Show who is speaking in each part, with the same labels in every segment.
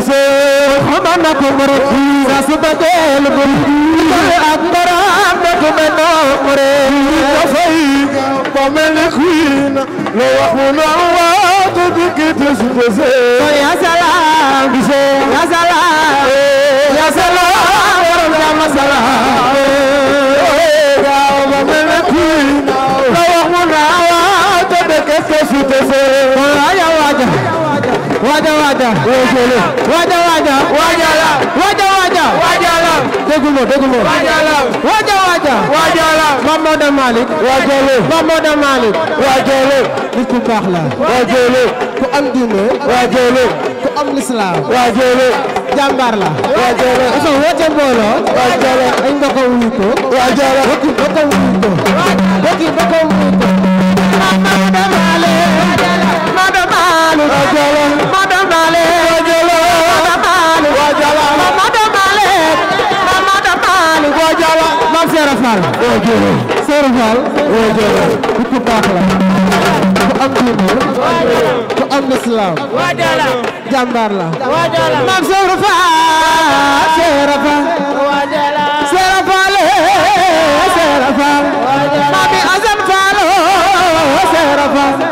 Speaker 1: soo xamal na ko murid sa su a murid yi ak borom na ko mel noo murid ba mu noo waa te dikk te su ko see ya salaam gisee ya salaam ya salaam waram ya masalaam ba mel ni kuy na lu wax waa waja wojele waja waja wajala waja waja wajala dégul ma dégul ma wajala waja waja wajala Mame Maodo Malick wajele Mame Maodo Malick wajele nit ku baax la wajele ku am diine wajele ku am lislaam wajele jàmbaar la wajele so wote mbooloo wajele ay nga ko wuyuto wajele woki boko wuyuto woki Seera Fall oo jëlo Seera Fall oo jëlo ku baax la ku am diine ku am islam wajala jàmbaar la wajala maam Seera Fall Seera Fall wajala Seera Fall Seera Fall maam Azan Fall Seera Fall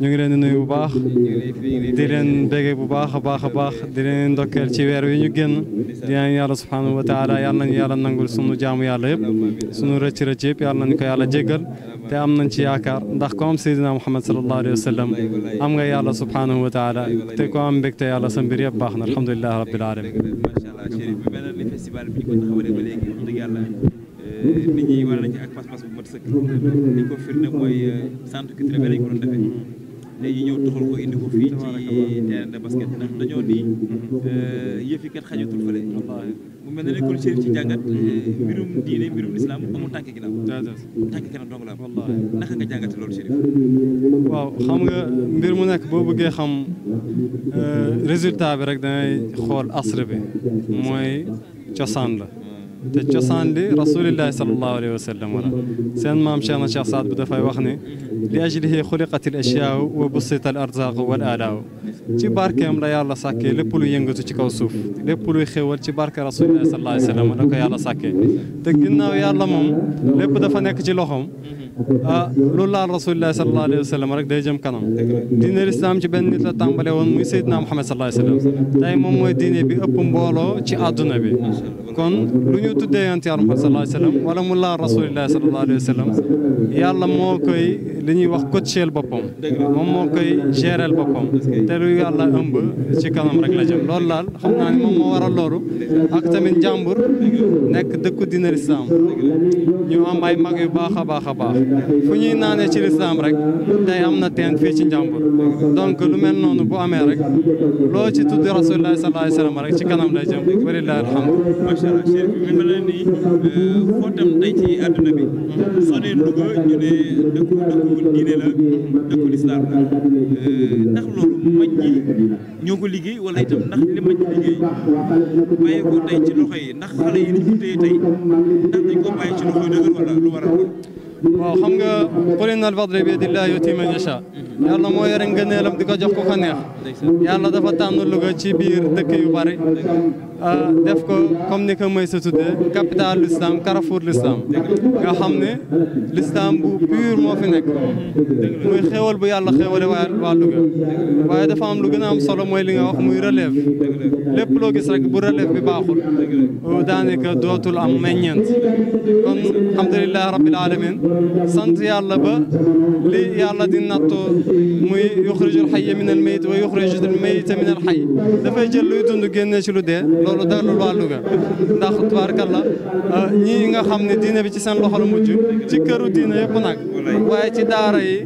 Speaker 2: ñu ngi leen di nuyu bu baax di leen bége bu baax a baax baax di leen ndokkeel ci weer wi ñu génn di ñaan yàlla subhaanahu wa taala yàlla nañu yàlla nangul sunu jaamu yàlla yëpp sunu rëcc rëcc yëpp yàlla nañu ko yàlla jéggal te am nañ ci yaakaar ndax ko am seydina muhammad sallallahu alayhi wa sallam am nga yàlla subhaanahu wa taala te ko am mbégte yàlla sa mbir yëpp baax na alhamdulilahi rabbil alamin
Speaker 3: nit ñi war nañ ci ak pas-pas bu mat sëkk ni ko firnde euh, léegi ñëw tuxal ko indi ko fii ci terrain de basket ndax dañoo nii euh, yëf yi kat xajatul fële mu mel ne nekkul chérif ci jàngat euh, mbirum diine mbirum islam amul
Speaker 2: tànk ginnaaw tànk kanam dong la am naka nga jàngate loolu chérif waaw xam nga mbir mu nekk boo bëggee xam euh, résultat bi rek dangay xool asr bi mooy cosaan la تجسان صان لي رسول الله صلى الله عليه وسلم ولا سين ما مشانا شخصات بدفع وخني لأجله خلقت الأشياء وبسط الأرزاق والآلاء تبارك يا يوم لا يالا ساكي لبولو ينجو تكو سوف لبولو يخول تبارك رسول الله صلى الله عليه وسلم ولا ورا الله ساكي تجنا تقلنا الله مم لبدفع فنك جلوهم لولا رسول الله صلى الله عليه وسلم رك ده جم كلام دين الإسلام جب أن نتلا تام بلي مي سيدنا محمد صلى الله عليه وسلم تاي مو دين بي أبوم بولو شيء أدنى بي كون لو لونيو تدي أنت يا محمد صلى الله عليه وسلم ولا مولا رسول الله صلى الله عليه وسلم يالا موكاي لي ني واخ وقت كتشيل ببوم مم مو كي جيرل ببوم تلو يالا أمب شيء كلام رك لجم لولا خمنا مو ورا لورو أكتر من جامبور نك دكو دين الإسلام نيو أم باي ماجي باخا باخا baax fu ñuy naanee ci lislaam rek tey am na teen fii ci njàmbur donc lu mel noonu bu amee rek loo ci tudd rasulilah sallallahu alayhi wa sallam rek ci kanam lay jëm walilahi alhamdu
Speaker 3: macha allah chef bi mel na ni euh, foo tam tey ci àdduna bi soo nee Louga ñu ne dëkku dëkku diine la dëkku lislaam euh, ndax loolu mag ñoo ko liggéey wala itam ndax li mag liggéey bàyyi ko tey ci loxo yi ndax xale yi ni ñu ko
Speaker 2: tey ndax dañ ko bàyyi ci loxo yi dëgër wala lu war a waaw xam nga qul inna al-fadla bi yadillaahi yu'tiihi man yashaa yàlla moo yore ngëneelam di ko jox ku ko neex yàlla dafa tànn Louga ci biir dëkk yu bari def ko comme ni ko mooy sa tuddee capitale l'islam carrefour l'islam nga xam l'islam bu pur moo fi nekk muy xéewal bu yàlla xéewale waa waa Louga waaye dafa am lu gën a am solo mooy li nga wax muy relève lépp loo gis rek bu relève bi baaxul daanaka dootul am meññeent kon alhamdulilah rabbil alamin sant yàlla ba li yàlla di nattoo muy yuxrijul xayya min al mayit wa yuxrijul mayita min al xay dafay jël luy dund génnee ci lu dee loolu dalul waa Louga ndax tubaarkalla euh, ñii nga xam ne diine bi ci seen loxo la mujj ci këru diine yëpp nag waaye ci daara yi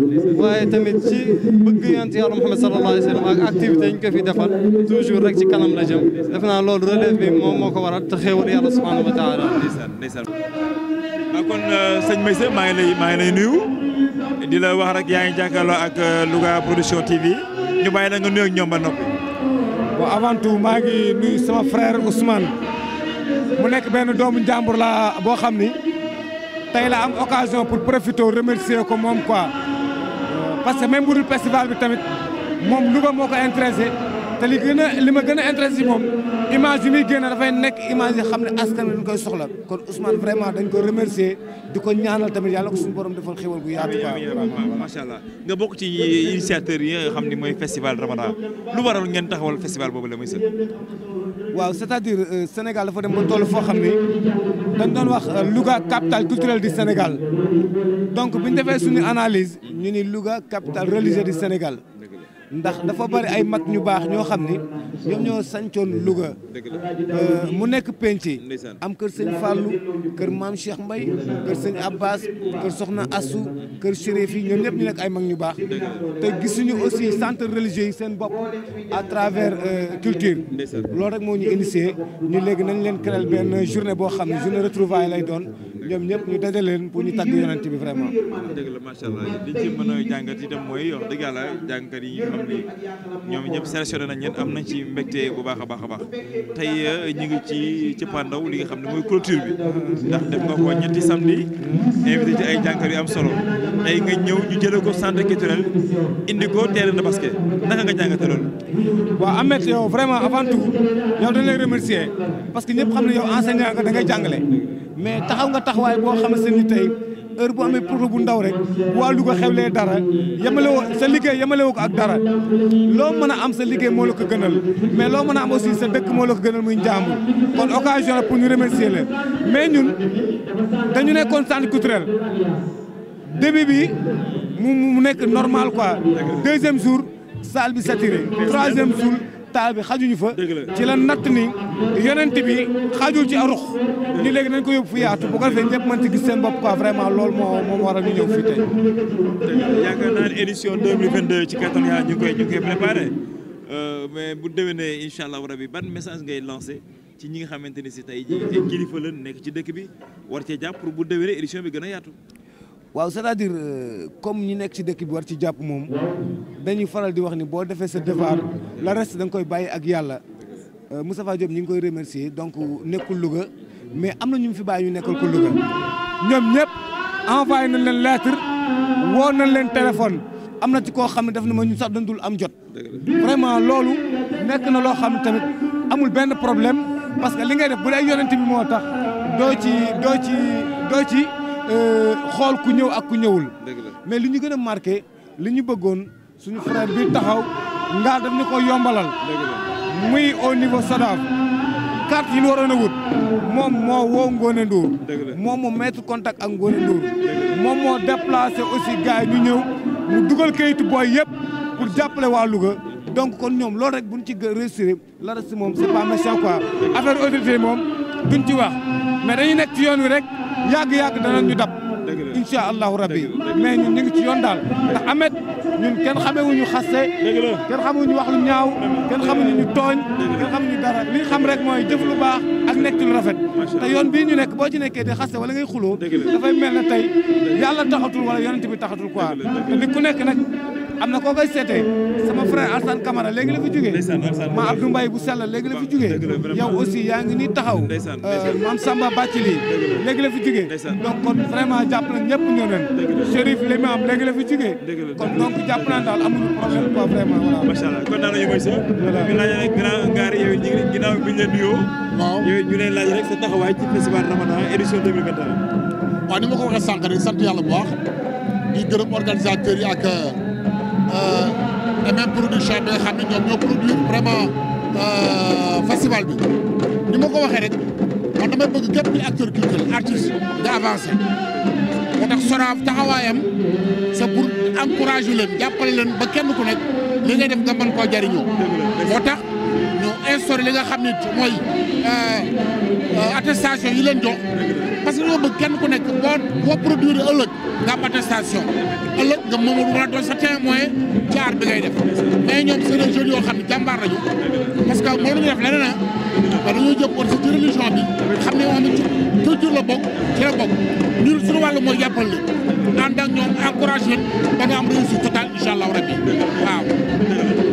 Speaker 2: waaye tamit ci bëgg yonent yàlla Muhammad sallallahu alayhi wa ak activité yi ñu ko fi defal rek ci kanam la jëm def naa lool relève bi moo ko waral te xéewal yàlla subhanahu wa taala
Speaker 3: ah, kon
Speaker 2: euh, sëñ Maysa maa ngi lay maa nuyu
Speaker 3: di la wax rek yaa ngi jàkkaarloo ak euh, Louga Production TV ñu bàyyi la nga nuyu ak ñoom ba noppi bon avant tout maa nuyu sama frère Ousmane mu nekk benn doomu
Speaker 4: njàmbur la boo xam ni tey la am occasion pour profiter remercier ko moom quoi euh, parce que même bu dul festival bi tamit moom Louga moo ko intéressé تلي كنا اللي ما كنا انترسي بهم إيمازي مي كنا دافعين نك إيمازي خامل أستن من كوي سخلا كون عثمان فريما دين كون ريمرسي دي كون نيانا تمر يالا كسون بورم دفول خيوال كوي ياتفا
Speaker 3: ما شاء الله نغا بوك تي إنسياتر يان خامل موي فستيفال رمضا لو بارا لنغن تخوال فستيفال بوبلا ميسن
Speaker 4: واو سيتا دير سنغال فو دم بطول فو خامل دان دان واخ لوغا كابتال كولترال دي سنغال دونك بنتفع سوني أناليز نيني لوغا كابتال ريليجي دي سنغال ndax dafa bari ay mag ñu baax ñoo xam ni ñoom ñoo sancoon Louga euh, mu nekk penc am kër sëñ Fallou kër maam Cheikh Mbay kër sëñ Abbas kër Soxna Assou kër Chérif yi ñoom ñëpp ñu nekk ay mag ñu baax te gisuñu aussi centre religieux yi seen bopp à travers euh, culture loolu rek moo ñu initié ñu léegi nañ leen créer benn journée boo xam ne journée retrouvaille lay doon ñoom ñëpp ñu daje leen pour ñu tàgg yonent bi vraiment.
Speaker 3: dëgg la macha allah liñ ci mën a jàngat itam mooy wax dëgg yàlla jàngat yi ñu xam ni ñoom ñëpp sélectionné nañ leen am nañ ci mbégte bu baax a baax a baax tey euh, ñu ngi ci cëppaandaw li nga xam ne mooy clôture bi ndax def nga ko ñetti samedi invité ci ay jàngat yu am solo tey nga ñëw ñu jëlee ko centre culturel indi ko terrain de basket naka nga jàngate loolu. waaw Ameth yow vraiment avant tout yow dañ lay remercier
Speaker 4: parce que ñëpp xam ne
Speaker 3: yow
Speaker 4: mais taxaw nga taxawaay boo xamante ni tey heure bu amee problème bu ndaw rek waa Louga xewlee dara yemale woo sa liggéey yemale woo ko ak dara loo mën a am sa liggéey moo la ko gënal mais loo mën a am aussi sa dëkk moo la ko gënal muy njaamu kon occasion la pour ñu remercier leen mais ñun dañu nekkoon centre culturel début bi mu mu nekk normal quoi deuxième jour salle bi saturé troisième jour taal bi xajuñu fa ci la natt ni yonent bi xajul ci arux ni léegi nañ ko yóbbu fu yaatu bu ko defee ñëpp mën ci gis seen bopp quoi vraiment loolu moo moom waral ñu ñëw fii tey
Speaker 3: yaakaar naa ne édition 2022 ci kattan yaa ñu koy ñu koy préparé euh, mais bu déwénee incha allah rabi ban message ngay lancé ci ñi nga xamante ni si tey ji ay kilifa la nekk ci dëkk bi war cee jàpp pour bu déwénee édition bi gën a yaatu
Speaker 4: waaw c'est-à-dire euh, comme ñi nekk ci dëkk bi war ci jàpp moom dañuy faral di wax ni boo defee sa devoir le reste da koy bàyyi ak yàlla euh, Moustapha Diop ñi ngi koy remercier donc nekkul Louga mais am na ñu fi bàyyi ñu nekkal ko Louga ñoom ñëpp envoyé nañ leen lettre woo nañ leen téléphone am na ci koo xam ne daf na ma ñu sax dañ dul am jot vraiment loolu nekk na loo xam ne tamit amul benn problème parce que li ngay def bu dee yonent bi moo tax doo ci doo doo ci Euh, xool ku ñëw ak ku ñëwul. mais li ñu gën a marqué li ñu bëggoon suñu frère bi taxaw nga daf ñu ko yombalal. muy au niveau SADAF carte yi ñu waroon a moom moo woo Ngone Ndour. moom moo mettre contact ak Ngone Ndour. moom moo déplacé aussi gars ñu ñëw mu dugal kayitu booy yëpp pour jàppale waa Louga. donc kon ñoom loolu rek bu ñu ci réussir la reste moom c'est pas méchant quoi affaire autorité moom ñu ci wax mais dañuy nekk ci yoon wi rek. yag yag da nañu dab insha allah rabbi mais ñun ñi ngi ci yoon dal ndax amet ñun kenn xamewuñu xaste kenn ñu wax lu ñaaw kenn xamu ñu tooñ kenn ñu dara li xam rek moy def lu baax ak nekk lu rafet te yoon bi ñu nekk bo ci nekké di xasse wala ngay xulo da fay melni tay yàlla taxatul wala yoonte bi taxatul quoi te li ku nekk nak am na koo koy seetee sama frère Alsane Camara léegi la fi jugee ma bu sell léegi la fi jugee yow yaa ngi nii taxaw euh, Mame Samba Bathily léegi la fi jugee donc kon vraiment jàpp na ñëpp ñëw nañ Chérif Limam léegi la fi
Speaker 3: jugee kon donc jàpp naa daal amul problème quoi vraiment voilà. macha kon naa la ñu may sa. voilà ñu laaj rek grand gaar laaj rek sa taxawaay ci festival Ramadan édition ma ko waxee sànq rek sant yàlla bu baax di
Speaker 5: gërëm Euh, et même production bi nga xam ne ñoom ñoo produire vraiment euh, festival bi ni ma ko waxee rek man damay bëgg képp kuy acteur culturel artiste nga avancé moo tax Soraaf taxawaayam c'est pour encourager leen jàppale leen ba kenn ku nekk li ngay def nga mën koo jariñoo moo tax ñu instauré li nga xam ne mooy
Speaker 1: euh,
Speaker 5: attestation yi leen jox parce que ñoo bëgg kenn ku nekk boo boo produire ëllëg nga am attestation nga moom mën a doon sa bi ngay def mais ñoom c'est des jeunes yoo xam ne jàmbaar lañu parce que mënuñu def leneen ah ba dañoo jëm woon ci bi xam ne moom ci la bokk ci la bokk ñun suñu mooy jàppal li ànd ak ñoom encouragé ba nga am réussite totale
Speaker 3: incha allahu rabbi waaw.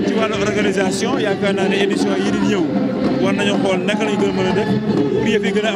Speaker 3: ci wàllu organisation yaakaar naa ne émission yi war nañoo xool naka lañ gën a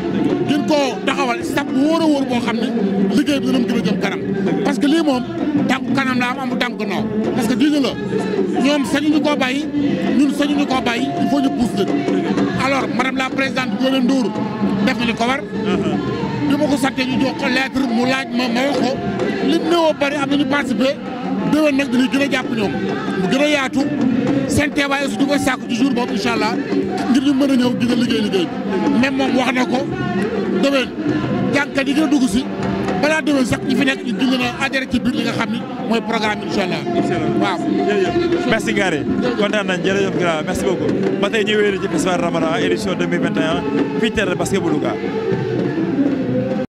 Speaker 5: gën koo taxawal sab wóor a wóor boo xam ne liggéey bi dina mu gën jëm kanam parce que lii moom tànk kanam la am amu tànk noo parce que diine la ñoom sañuñu koo bàyyi ñun sañuñu koo bàyyi il faut ñu pousse leen alors madame la présidente Ngoné Ndour def na li ko war bi ma ko sante ñu jox ko lettre mu laaj ma ma wax ko li néew a bëri am nañu participé déwén nag dañuy gën a jàpp ñoom mu gën yaatu seen teewaay aussi du koy sàkku ci jour boobu incha allah ngir ñu mën a ñëw dina liggéey liggéey même moom wax na ko déwén jàngkat yi gën a dugg si balaa déwén sax ñi fi nekk ñu dina adhéré ci biir li nga xam ni mooy programme bi incha allah. incha allah waaw jërëjëf. merci Ngare
Speaker 3: kontaan nañ jërëjëf Gara merci beaucoup ba tey ñu
Speaker 1: wéeru ci festival fii terre basket bu